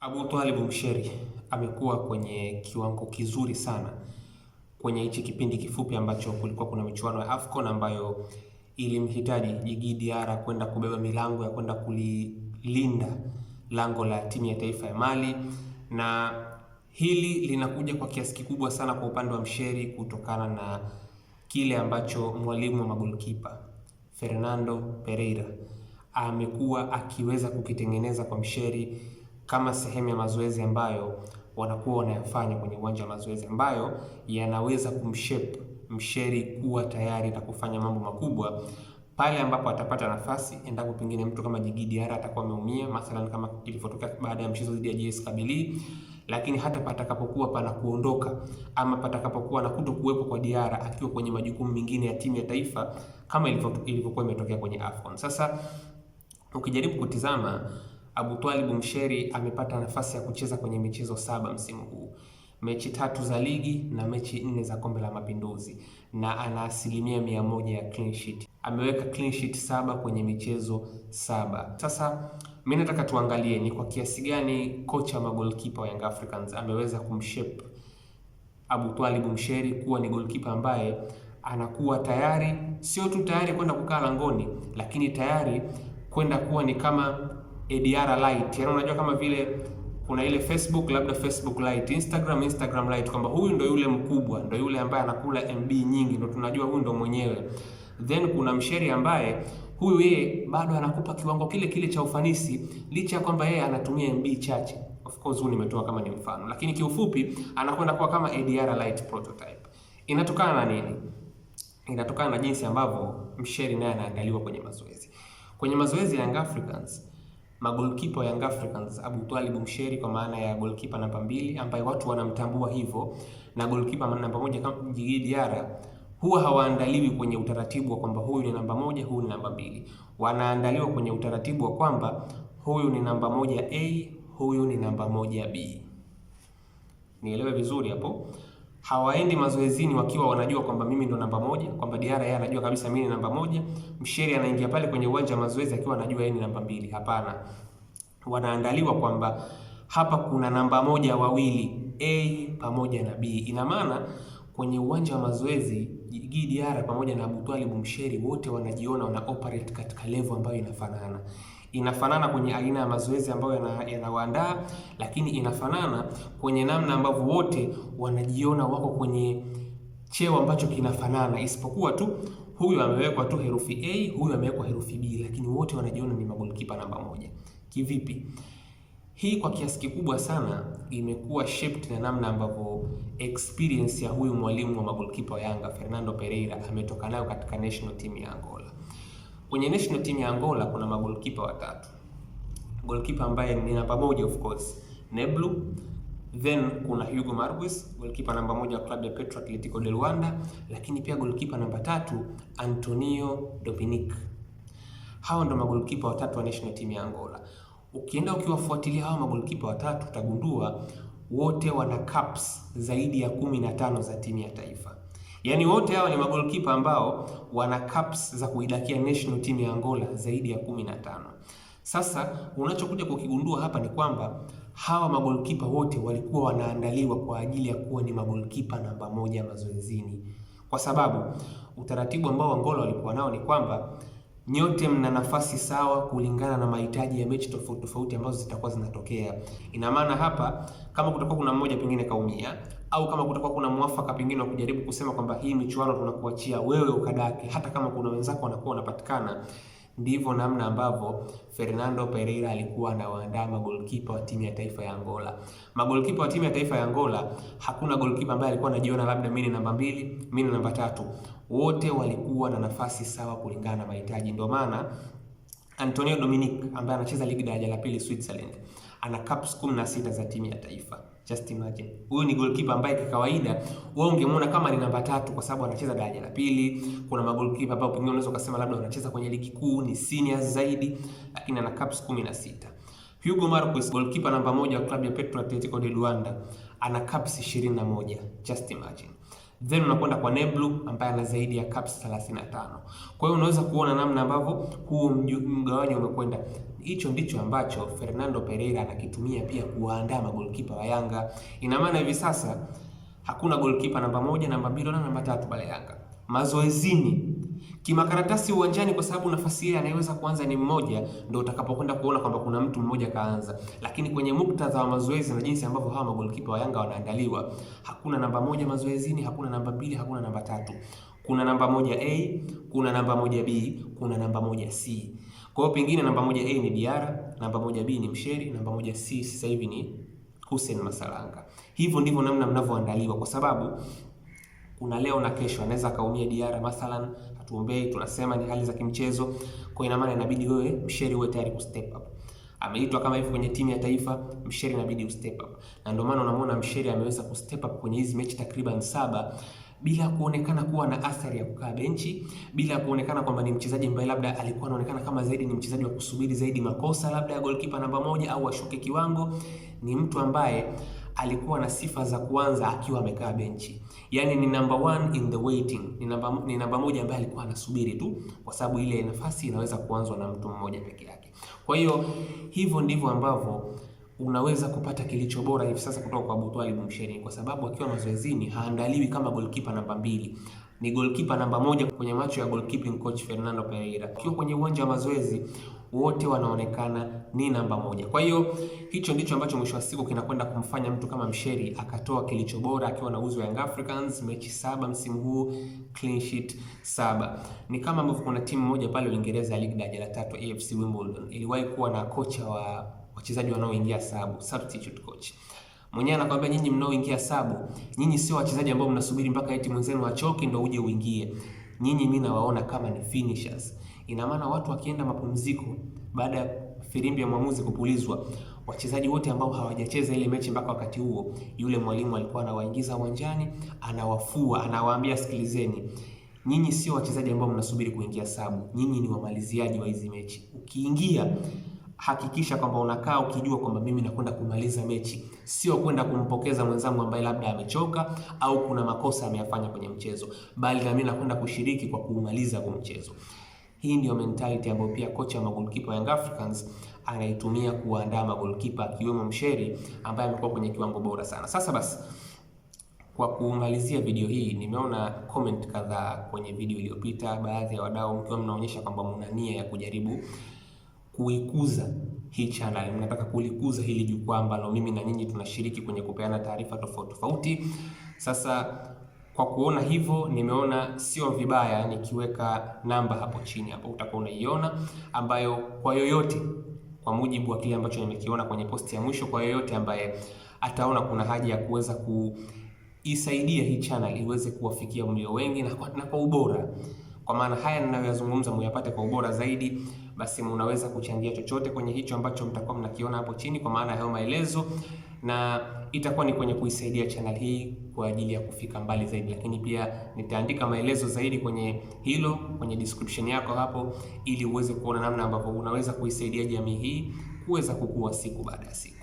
Abu Talib Msheri amekuwa kwenye kiwango kizuri sana kwenye hichi kipindi kifupi ambacho kulikuwa kuna michuano ya AFCON ambayo ilimhitaji Jigi Diara kwenda kubeba milango ya kwenda kulilinda lango la timu ya taifa ya Mali, na hili linakuja kwa kiasi kikubwa sana kwa upande wa Msheri kutokana na kile ambacho mwalimu wa magolikipa Fernando Pereira amekuwa akiweza kukitengeneza kwa Msheri kama sehemu ya mazoezi ambayo wanakuwa wanayafanya kwenye uwanja wa mazoezi ambayo yanaweza kumshape msheri kuwa tayari na kufanya mambo makubwa pale ambapo atapata nafasi, endapo pengine mtu kama Djigui Diarra atakuwa ameumia, mathalan kama ilivyotokea baada ya mchezo dhidi ya JS Kabylie. Lakini hata patakapokuwa pana kuondoka ama patakapokuwa na kuto kuwepo kwa Diarra akiwa kwenye majukumu mengine ya timu ya taifa kama ilivyokuwa imetokea kwenye AFCON. Sasa ukijaribu kutizama Abu Talib Msheri amepata nafasi ya kucheza kwenye michezo saba msimu huu, mechi tatu za ligi na mechi nne za kombe la mapinduzi, na ana asilimia mia moja ya clean sheet. Ameweka clean sheet saba kwenye michezo saba. Sasa mi nataka tuangalie ni kwa kiasi gani kocha ama goalkeeper wa Young Africans ameweza kumshape Abu Talib Msheri kuwa ni goalkeeper ambaye anakuwa tayari, sio tu tayari kwenda kukaa langoni, lakini tayari kwenda kuwa ni kama ADR Lite. Yaani unajua kama vile kuna ile Facebook labda Facebook Lite, Instagram Instagram Lite, kwamba huyu ndo yule mkubwa, ndo yule ambaye anakula MB nyingi, ndo tunajua huyu ndo mwenyewe. Then kuna msheri ambaye huyu yeye bado anakupa kiwango kile kile cha ufanisi licha ya kwamba yeye anatumia MB chache. Of course huyu nimetoa kama ni mfano, lakini kiufupi anakwenda kuwa kama ADR Lite prototype. Inatokana na nini? Inatokana na jinsi ambavyo msheri naye anaangaliwa kwenye mazoezi. Kwenye mazoezi ya Young Africans magolkipa wa Young Africans Abu Twalib Msheri kwa maana ya golkipa namba mbili ambaye watu wanamtambua hivyo na golkipa namba moja kama Djigui Diarra huwa hawaandaliwi kwenye utaratibu wa kwamba huyu ni namba moja, huyu ni namba mbili. Wanaandaliwa kwenye utaratibu wa kwamba huyu ni namba moja A, huyu ni namba moja B. Nielewe vizuri hapo hawaendi mazoezini wakiwa wanajua kwamba mimi ndo namba moja, kwamba diara yeye anajua kabisa mimi ni namba moja, msheri anaingia pale kwenye uwanja wa mazoezi akiwa anajua yeye ni namba mbili. Hapana, wanaandaliwa kwamba hapa kuna namba moja wawili, A pamoja na B. Ina maana kwenye uwanja wa mazoezi gdr pamoja na Abu Msheri wote wanajiona wana operate katika level ambayo inafanana inafanana kwenye aina ya mazoezi ambayo yanawaandaa yana, lakini inafanana kwenye namna ambavyo wote wanajiona wako kwenye cheo ambacho kinafanana, isipokuwa tu huyu amewekwa tu herufi A, huyu amewekwa herufi B, lakini wote wanajiona ni magolikipa namba moja. Kivipi? Hii kwa kiasi kikubwa sana imekuwa shaped na namna ambavyo experience ya huyu mwalimu wa magolikipa wa Yanga Fernando Pereira ametoka nayo katika national team ya Angola. Kwenye national team ya Angola kuna magolikipa watatu, golikipa ambaye ni namba moja of course Neblu, then kuna Hugo Marquez, golikipa namba moja wa klabu ya Petro Atletico de Luanda, lakini pia golikipa namba tatu Antonio Dominic. Hawa ndo magolikipa watatu wa national team ya Angola ukienda ukiwafuatilia hawa magolikipa watatu utagundua wote wana caps zaidi ya kumi na tano za timu ya taifa. Yaani wote hawa ni magolikipa ambao wana caps za kuidakia national team ya Angola zaidi ya kumi na tano. Sasa unachokuja kukigundua hapa ni kwamba hawa magolikipa wote walikuwa wanaandaliwa kwa ajili ya kuwa ni magolikipa namba moja mazoezini, kwa sababu utaratibu ambao Angola walikuwa nao ni kwamba nyote mna nafasi sawa kulingana na mahitaji ya mechi tofauti tofauti ambazo zitakuwa zinatokea. Ina maana hapa, kama kutakuwa kuna mmoja pengine kaumia, au kama kutakuwa kuna mwafaka pengine wa kujaribu kusema kwamba hii michuano tunakuachia wewe ukadake, hata kama kuna wenzako wanakuwa wanapatikana Ndivyo namna ambavyo Fernando Pereira alikuwa anawaandaa magolikipa wa timu ya taifa ya Angola. Magolikipa wa timu ya taifa ya Angola, hakuna golikipa ambaye alikuwa anajiona labda mimi ni namba mbili, mimi ni namba tatu. Wote walikuwa na nafasi sawa kulingana na mahitaji. Ndio maana Antonio Dominic ambaye anacheza ligi daraja la pili Switzerland ana caps 16 za timu ya taifa. Just imagine. Huyu ni goalkeeper ambaye kwa kawaida wewe ungemwona kama ni namba tatu kwa sababu anacheza daraja la pili. Kuna magoalkeeper ambao pengine unaweza kusema labda wanacheza kwenye ligi kuu ni seniors zaidi, lakini ana caps 16. Hugo Marquez, goalkeeper namba moja wa klabu ya Petro Atletico de Luanda, ana caps 21. Just imagine then unakwenda kwa Neblu ambaye ana zaidi ya caps 35. Kwa hiyo unaweza kuona namna ambavyo huo mgawanyo umekwenda. Hicho ndicho ambacho Fernando Pereira anakitumia pia kuwaandaa magolikipa wa Yanga. Ina maana hivi sasa hakuna golikipa namba moja, namba mbili na namba tatu pale Yanga mazoezini, kimakaratasi uwanjani, kwa sababu nafasi ile anayeweza kuanza ni mmoja, ndio utakapokwenda kuona kwamba kuna mtu mmoja kaanza. Lakini kwenye muktadha wa mazoezi na jinsi ambavyo hawa magolikipa wa Yanga wanaandaliwa, hakuna namba moja mazoezini, hakuna namba mbili, hakuna namba tatu. Kuna namba moja A, kuna namba moja B, kuna namba moja C. Kwa hiyo pengine namba moja A ni Diara, namba moja B ni Msheri, namba moja C sasa hivi ni Hussein Masalanga. Hivyo ndivyo namna mnavyoandaliwa kwa sababu kuna leo na kesho, anaweza akaumia Diara mathalan, hatuombei, tunasema ni hali za kimchezo, kwa ina maana inabidi wewe msheri uwe tayari ku step up. Ameitwa kama hivi kwenye timu ya taifa, msheri inabidi u step up, na ndio maana unamwona msheri ameweza ku step up kwenye hizi mechi takriban saba bila kuonekana kuwa na athari ya kukaa benchi, bila kuonekana kwamba ni mchezaji ambaye labda alikuwa anaonekana kama zaidi ni mchezaji wa kusubiri zaidi makosa labda ya goalkeeper namba moja au ashuke kiwango. Ni mtu ambaye alikuwa na sifa za kuanza akiwa amekaa benchi yani ni number one in the waiting, ni namba, ni namba moja ambaye alikuwa anasubiri tu, kwa sababu ile nafasi inaweza kuanzwa na mtu mmoja peke yake. Kwa hiyo hivyo ndivyo ambavyo unaweza kupata kilicho bora hivi sasa kutoka kwa Abutwalib Msheni, kwa sababu akiwa mazoezini haandaliwi kama goalkeeper namba mbili ni goalkeeper namba moja kwenye macho ya goalkeeping coach Fernando Pereira. Ukiwa kwenye uwanja wa mazoezi wote wanaonekana ni namba moja. Kwa hiyo hicho ndicho ambacho mwisho wa siku kinakwenda kumfanya mtu kama Msheri akatoa kilicho bora akiwa na uzo Young Africans, mechi saba msimu huu, clean sheet saba. Ni kama ambavyo kuna timu moja pale Uingereza ya ligi daraja la tatu AFC Wimbledon iliwahi kuwa na kocha wa wachezaji wanaoingia sabu, substitute coach mwenyewe anakwambia nyinyi mnaoingia sabu, nyinyi sio wachezaji ambao mnasubiri mpaka eti mwenzenu wachoke ndio uje uingie. Nyinyi mimi nawaona kama ni finishers. Ina maana watu wakienda mapumziko baada ya firimbi ya mwamuzi kupulizwa, wachezaji wote ambao hawajacheza ile mechi mpaka wakati huo, yule mwalimu alikuwa anawaingiza uwanjani, anawafua, anawaambia sikilizeni, nyinyi sio wachezaji ambao mnasubiri kuingia sabu, nyinyi ni wamaliziaji wa hizi mechi. Ukiingia hakikisha kwamba unakaa ukijua kwamba mimi nakwenda kumaliza mechi, sio kwenda kumpokeza mwenzangu ambaye labda amechoka au kuna makosa ameyafanya kwenye mchezo, bali na mimi nakwenda kushiriki kwa kuumaliza kwa mchezo. Hii ndio mentality ambayo pia kocha wa magolikipa Young Africans anaitumia kuandaa magolikipa akiwemo Msheri ambaye amekuwa kwenye kiwango bora sana. Sasa basi kwa kumalizia video hii, nimeona comment kadhaa kwenye video iliyopita, baadhi ya wadau mkiwa mnaonyesha kwamba mna nia ya kujaribu kuikuza hii channel, mnataka kulikuza hili jukwaa ambalo mimi na nyinyi tunashiriki kwenye kupeana taarifa tofauti tofauti. Sasa kwa kuona hivyo, nimeona sio vibaya nikiweka namba hapo chini, hapo utakuwa unaiona, ambayo kwa yoyote, kwa mujibu wa kile ambacho nimekiona kwenye posti ya mwisho, kwa yoyote ambaye ataona kuna haja ya kuweza kuisaidia hii channel iweze kuwafikia mlio wengi na kwa, na kwa ubora, kwa maana haya ninayoyazungumza muyapate kwa ubora zaidi basi mnaweza kuchangia chochote kwenye hicho ambacho mtakuwa mnakiona hapo chini, kwa maana ya hayo maelezo, na itakuwa ni kwenye kuisaidia channel hii kwa ajili ya kufika mbali zaidi. Lakini pia nitaandika maelezo zaidi kwenye hilo kwenye description yako hapo, ili uweze kuona namna ambavyo unaweza kuisaidia jamii hii kuweza kukua siku baada ya siku.